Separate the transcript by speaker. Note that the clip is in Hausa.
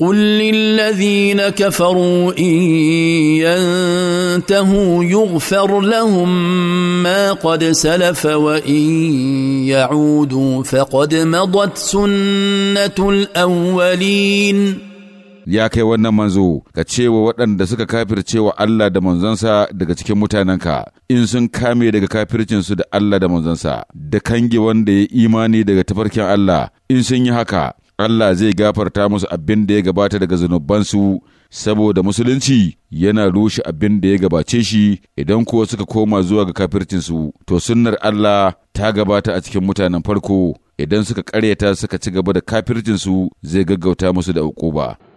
Speaker 1: قل للذين كفروا إن ينتهوا يغفر لهم ما قد سلف وإن يعودوا فقد مضت سنة الأولين
Speaker 2: ya kai wannan manzo ka ce wa waɗanda suka wa Allah da manzonsa daga cikin mutanenka in sun kame daga kafircinsu da Allah da manzonsa da kange wanda ya imani daga tafarkin Allah in sun yi haka Allah zai gafarta musu abin da ya gabata daga zunubansu saboda musulunci yana rushe abin da ya gabace shi idan kuwa suka koma zuwa ga kafircinsu to sunnar Allah ta gabata a cikin mutanen farko idan suka karyata suka ci gaba da kafircinsu zai gaggauta musu da
Speaker 3: uquba.